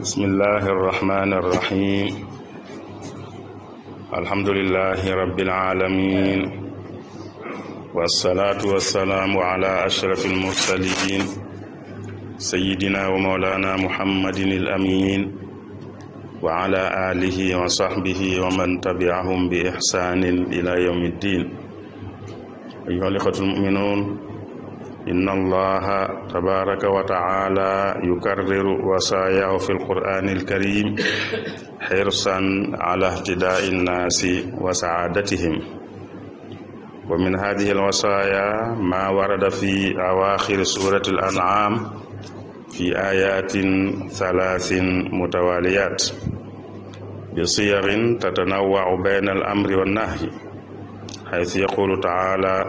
بسم الله الرحمن الرحيم الحمد لله رب العالمين والصلاة والسلام على أشرف المرسلين سيدنا ومولانا محمد الأمين وعلى آله وصحبه ومن تبعهم بإحسان إلى يوم الدين أيها الإخوة المؤمنون إن الله تبارك وتعالى يكرر وصاياه في القرآن الكريم حرصا على اهتداء الناس وسعادتهم ومن هذه الوصايا ما ورد في أواخر سورة الأنعام في آيات ثلاث متواليات بصيغ تتنوع بين الأمر والنهي حيث يقول تعالى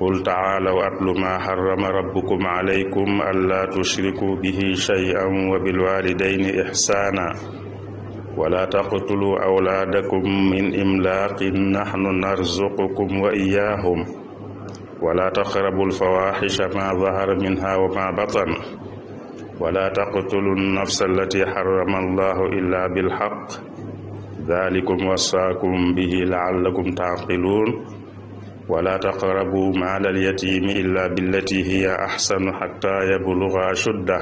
قل تعالوا أتل ما حرم ربكم عليكم ألا تشركوا به شيئا وبالوالدين إحسانا ولا تقتلوا أولادكم من إملاق نحن نرزقكم وإياهم ولا تقربوا الفواحش ما ظهر منها وما بطن ولا تقتلوا النفس التي حرم الله إلا بالحق ذلكم وصاكم به لعلكم تعقلون ولا تقربوا مال اليتيم إلا بالتي هي أحسن حتى يبلغ أشده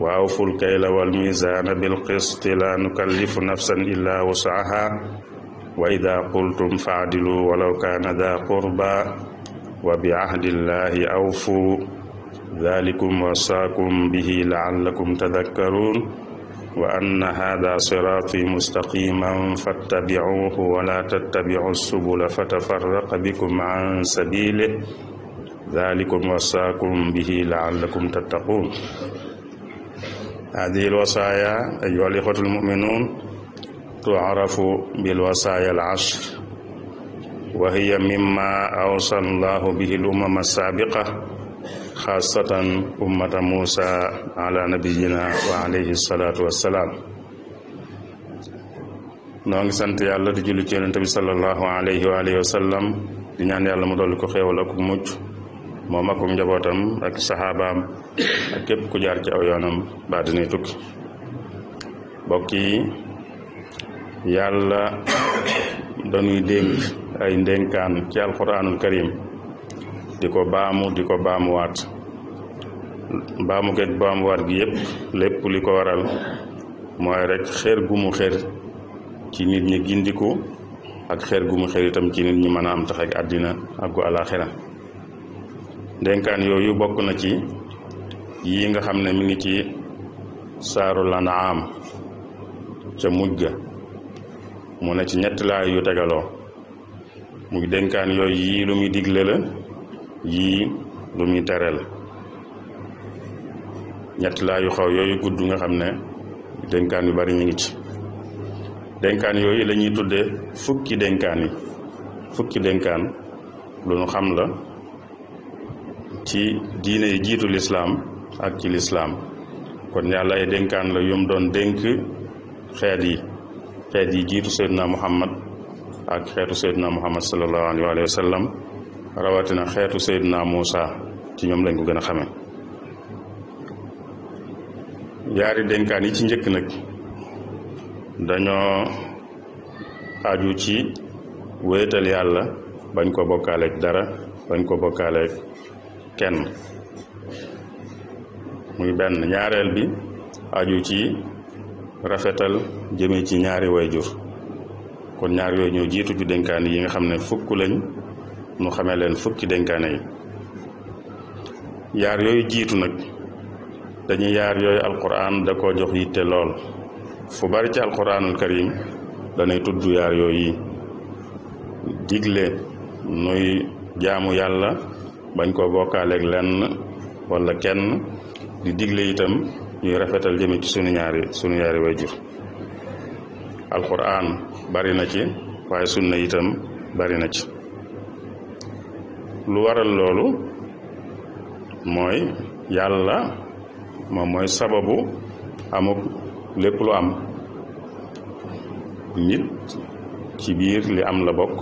وأوفوا الكيل والميزان بالقسط لا نكلف نفسا إلا وسعها وإذا قلتم فاعدلوا ولو كان ذا قربى وبعهد الله أوفوا ذلكم وصاكم به لعلكم تذكرون وأن هذا صراطي مستقيما فاتبعوه ولا تتبعوا السبل فتفرق بكم عن سبيله ذلكم وصاكم به لعلكم تتقون هذه الوصايا أيها الإخوة المؤمنون تعرف بالوصايا العشر وهي مما أوصى الله به الأمم السابقة khasatan ummata moussa ala nabiyina wa alayhi salatu wassalam noongi sant yàlla di julli ci yonente bi sal allahu alayhi wa alihi wa sallam di ñaan yàlla mu dolli ko xéewal ak mucc moom ak njabootam ak sahabaam ak képp ku jaar ci aw yoonam baa dinay tukki bokk yi yàlla danuy dénk ay ndénkaan ci alquranul karim di ko baamu di ko baamuwaat baamu get baamuwaat gi yépp lépp li ko waral mooy rek xeer gu mu xeer ci nit ñi gindiku ak xeer gu mu xeer itam ci nit ñi mën a am tax ak àddina ak gu àllaaxira dénkaan yooyu bokk na ci yi nga xam ne mu ngi ci saarul am ca mujj ga mu ne ci ñett laay yu tegaloo muy dénkaan yooyu yii lu muy digle la yii lu muy tere la ñett laa yu xaw yooyu gudd nga xam ne dénkaan yu bari ñu ngi ci dénkaan yooyu lañuy ñuy tuddee fukki dénkaan yi fukki dénkaan lu ñu xam la ci diine yi jiitu lislaam ak ci lislaam kon yàlla ay dénkaan la yum doon dénk xeet yi xeet yi jiitu seyduna muhammad ak xeetu seyduna muhammad sallallahu alayhi wa sallam rawatina xeetu sayidina moussa ci ñoom lañ ko gën a xame yaari dénkaan yi ci njëkk nag dañoo aju ci wéetal yàlla bañ ko bokkaaleeg dara bañ ko bokkaaleeg kenn muy benn ñaareel bi aju ci rafetal jëmee ci ñaari way jur kon ñaar yooyu ñoo jiitu ju dénkaan yi nga xam ne fukk lañ mu xamee leen fukki dénkaane yi yaar yooyu jiitu nag dañuy yaar yooyu alquran da koo jox yitte lool fu bari ci alquranul karim danay tudd yaar yooyu yi digle nuy jaamu yàlla bañ koo bokkaaleeg lenn walla kenn di digle itam ñuy rafetal jëme ci sunu ñaari sunu ñaari wayjur alquran bari na ci waaye sunna itam bari na ci lu waral loolu mooy yàlla moom mooy sababu amuk lépp lu am nit ci biir li am la bokk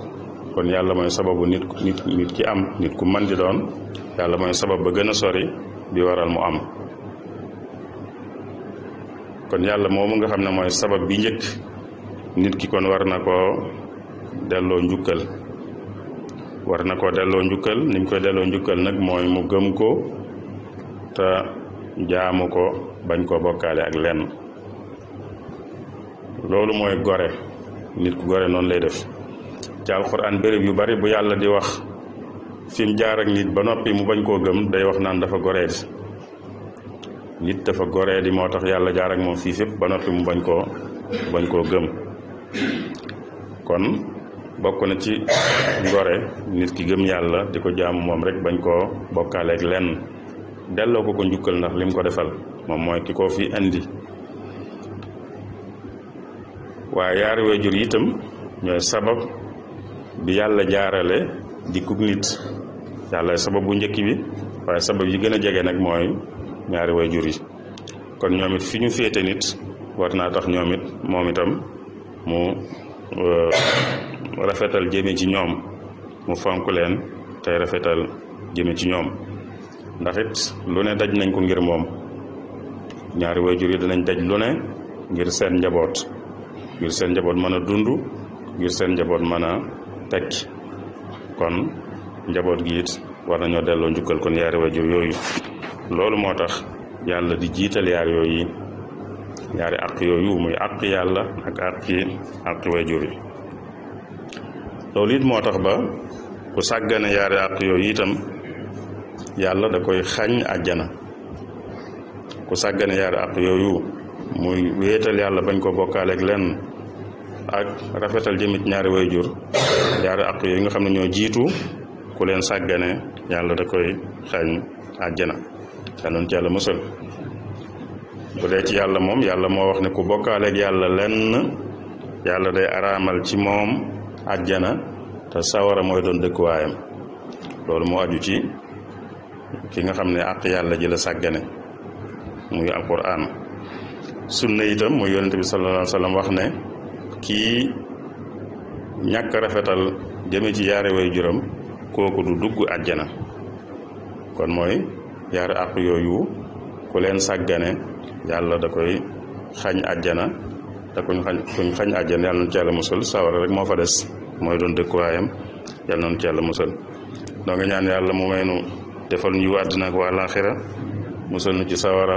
kon yàlla mooy sababu nit nit ki am nit ku man di doon yàlla mooy sabab ba gën a sori bi waral mu am kon yàlla moomu nga xam ne mooy sabab bi njëkk nit ki kon war na koo delloo njukkal war na ko delloo njukkal ni mu koy delloo njukkal nag mooy mu gëm ko te jaamu ko bañ koo bokkaale ak lenn loolu mooy gore nit ku gore noonu lay def ci alxuraan béréb yu bare bu yàlla di wax fi mu jaar ak nit ba noppi mu bañ koo gëm day wax naan dafa goree nit dafa goree di moo tax yàlla jaar ak moom fii fépp ba noppi mu bañ koo bañ koo gëm kon bokk na ci ngore nit ki gëm yàlla di ko jaamu moom rek bañ koo bokkaaleeg lenn delloo ko ko njukkal ndax lim ko defal moom mooy ki ko fi indi waaye yaari waajur itam ñooy sabab bi yàlla jaarale dikkug nit yàlla sabab bu njëkk bi waaye sabab yi gën a jege nag mooy ñaari waajur yi kon ñoom it fi ñu féete nit war naa tax ñoom it moom itam mu euh, rafetal jëme ci ñoom mu fonk leen tey rafetal jëme ci ñoom ndaxit it lu ne daj nañ ko ngir moom ñaari waajur yi danañ daj lu ne ngir seen njaboot ngir seen njaboot mën a dund ngir seen njaboot mën a tekki kon njaboot giit it war nañoo delloo njukkal kon yaari waajur yooyu loolu moo tax yàlla di jiital yaar yooyu yaari àq yooyu muy àq yàlla ak àqi àqi waajur yi loolu it moo tax ba ku sàggane yaari àq yooyu itam yàlla da koy xañ àjjana ku sàggane yaari àq yooyu muy wéetal yàlla bañ ko bokkaaleeg lenn ak rafetal jëmit ñaari wayjur yaari àq yooyu nga xam ne ñoo jiitu ku leen sàggane yàlla da koy xañ àjjana yàlla ci yàlla musal yàlla moom yàlla moo wax ne ku bokkaaleeg yàlla lenn yàlla day araamal ci moom ajjana te sawara mooy doon dëkkuwaayam loolu moo aju ci ki nga xam ne àq yàlla ji la sàggane muy alquran sunna itam muy yonente bi sallallahu alayhi wa sallam wax ne kii ñàkk rafetal jëme ci yaari way juram kooku du dugg àjjana kon mooy yaari àq yooyu ku leen sàggane yàlla da koy xañ àjjana te kuñ xañ kuñ xañ àjjana yàlla nañ ci sawara rek moo fa des mooy doon dëkkuwaayam yàlla nañ ci yàlla musal doo nga ñaan yàlla moo may nu defal ñu àddina ak waa laaxira musal nu ci sawara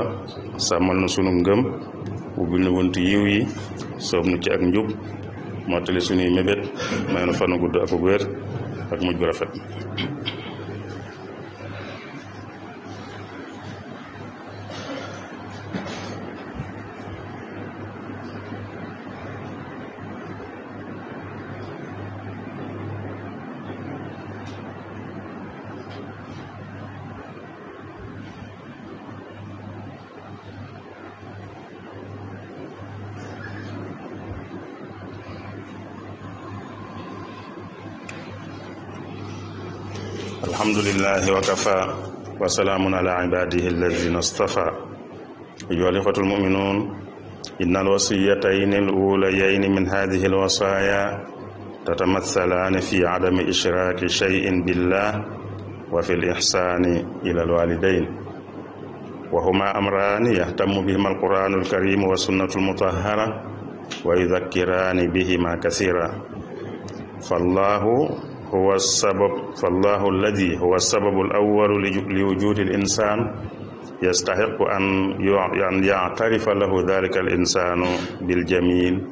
sàmmal nu sunu ngëm ubbil nu wuntu yiw yi soob nu ci ak njub mottali sunuy mébét may nu fanu gudd ak muj ak rafet الحمد لله وكفى وسلام على عباده الذين اصطفى أيها الإخوة المؤمنون إن الوصيتين الأوليين من هذه الوصايا تتمثلان في عدم إشراك شيء بالله وفي الإحسان إلى الوالدين وهما أمران يهتم بهما القرآن الكريم والسنة المطهرة ويذكران بهما كثيرا فالله هو السبب فالله الذي هو السبب الأول لوجود الإنسان يستحق أن يعترف له ذلك الإنسان بالجميل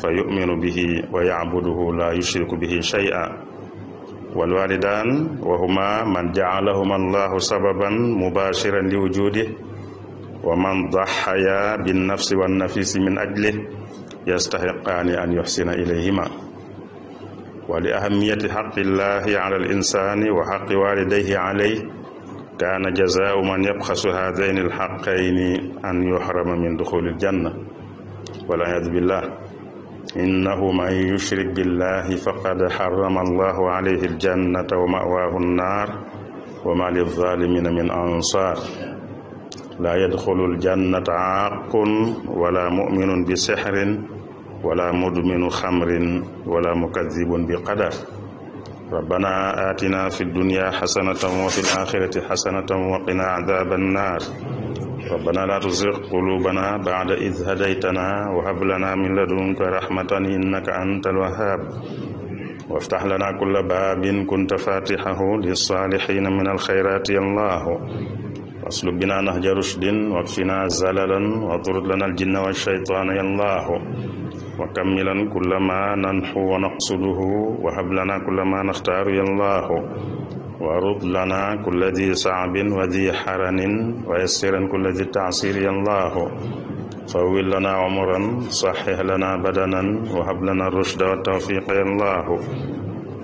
فيؤمن به ويعبده لا يشرك به شيئا والوالدان وهما من جعلهما الله سببا مباشرا لوجوده ومن ضحيا بالنفس والنفيس من أجله يستحقان أن يحسن إليهما ولأهمية حق الله على الإنسان وحق والديه عليه كان جزاء من يبخس هذين الحقين أن يحرم من دخول الجنة والعياذ بالله إنه من يشرك بالله فقد حرم الله عليه الجنة ومأواه النار وما للظالمين من أنصار لا يدخل الجنة عاق ولا مؤمن بسحر ولا مدمن خمر ولا مكذب بقدر ربنا آتنا في الدنيا حسنة وفي الآخرة حسنة وقنا عذاب النار ربنا لا تزغ قلوبنا بعد إذ هديتنا وهب لنا من لدنك رحمة إنك أنت الوهاب وافتح لنا كل باب كنت فاتحه للصالحين من الخيرات يا الله واسلب بنا نهج رشد واكفنا زللا واطرد لنا الجن والشيطان يا الله وكملا كل ما ننحو ونقصده وهب لنا كل ما نختار يا الله وارض لنا كل ذي صعب وذي حرن ويسرا كل ذي تعسير يا الله فول لنا عمرا صحح لنا بدنا وهب لنا الرشد والتوفيق يا الله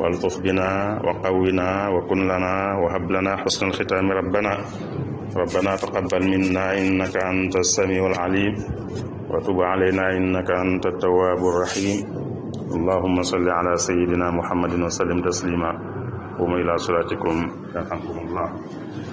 والطف بنا وقونا وكن لنا وهب لنا حسن الختام ربنا ربنا تقبل منا إنك أنت السميع العليم وتب علينا إنك أنت التواب الرحيم اللهم صل على سيدنا محمد وسلم تسليما قوموا إلى صلاتكم يرحمكم الله